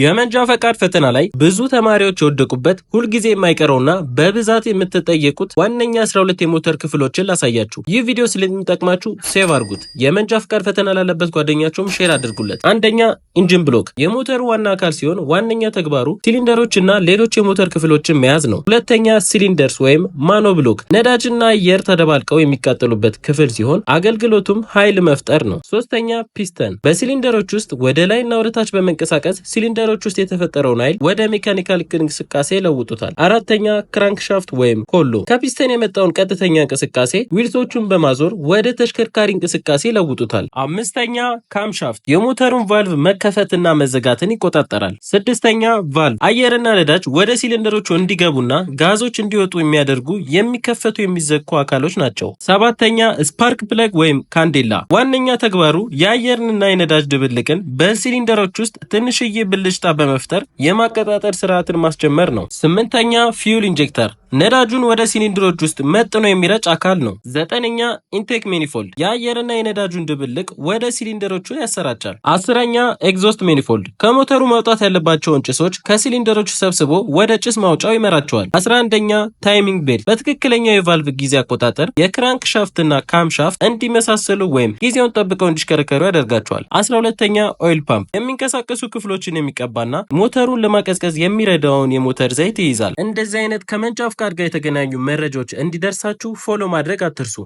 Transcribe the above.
የመንጃ ፈቃድ ፈተና ላይ ብዙ ተማሪዎች የወደቁበት ሁልጊዜ የማይቀረውና በብዛት የምትጠየቁት ዋነኛ 12 የሞተር ክፍሎችን ላሳያችሁ። ይህ ቪዲዮ ስለሚጠቅማችሁ ሴቭ አድርጉት። የመንጃ ፈቃድ ፈተና ላለበት ጓደኛችሁም ሼር አድርጉለት። አንደኛ ኢንጂን ብሎክ የሞተሩ ዋና አካል ሲሆን ዋነኛ ተግባሩ እና ሌሎች የሞተር ክፍሎችን መያዝ ነው። ሁለተኛ ሲሊንደርስ ወይም ማኖ ብሎክ ነዳጅና አየር ተደባልቀው የሚቃጠሉበት ክፍል ሲሆን አገልግሎቱም ኃይል መፍጠር ነው። ሶስተኛ ፒስተን በሲሊንደሮች ውስጥ ወደ ላይና ወደ ታች በመንቀሳቀስ ሲሊንደር በታይሮች ውስጥ የተፈጠረውን ኃይል ወደ ሜካኒካል እንቅስቃሴ ለውጡታል። አራተኛ ክራንክሻፍት ወይም ኮሎ ከፒስተን የመጣውን ቀጥተኛ እንቅስቃሴ ዊልሶቹን በማዞር ወደ ተሽከርካሪ እንቅስቃሴ ለውጡታል። አምስተኛ ካምሻፍት የሞተሩን ቫልቭ መከፈትና መዘጋትን ይቆጣጠራል። ስድስተኛ ቫልቭ አየርና ነዳጅ ወደ ሲሊንደሮቹ እንዲገቡና ጋዞች እንዲወጡ የሚያደርጉ የሚከፈቱ የሚዘጉ አካሎች ናቸው። ሰባተኛ ስፓርክ ፕለግ ወይም ካንዴላ ዋነኛ ተግባሩ የአየርንና የነዳጅ ድብልቅን በሲሊንደሮች ውስጥ ትንሽዬ ብልሽ በሽታ በመፍጠር የማቀጣጠል ስርዓትን ማስጀመር ነው። ስምንተኛ ፊውል ኢንጀክተር ነዳጁን ወደ ሲሊንድሮች ውስጥ መጥኖ የሚረጭ አካል ነው። ዘጠነኛ ኢንቴክ ሜኒፎልድ የአየርና የነዳጁን ድብልቅ ወደ ሲሊንደሮቹ ያሰራጫል። አስረኛ ኤግዞስት ሜኒፎልድ ከሞተሩ መውጣት ያለባቸውን ጭሶች ከሲሊንደሮቹ ሰብስቦ ወደ ጭስ ማውጫው ይመራቸዋል። አስራ አንደኛ ታይሚንግ ቤልት በትክክለኛው የቫልቭ ጊዜ አቆጣጠር የክራንክ ሻፍትና ካም ሻፍት እንዲመሳሰሉ ወይም ጊዜውን ጠብቀው እንዲሽከረከሩ ያደርጋቸዋል። አስራ ሁለተኛ ኦይል ፓምፕ የሚንቀሳቀሱ ክፍሎችን የሚቀባና ሞተሩን ለማቀዝቀዝ የሚረዳውን የሞተር ዘይት ይይዛል። እንደዚህ አይነት ከመንጫፍ ከካፍ ጋር የተገናኙ መረጃዎች እንዲደርሳችሁ ፎሎ ማድረግ አትርሱ።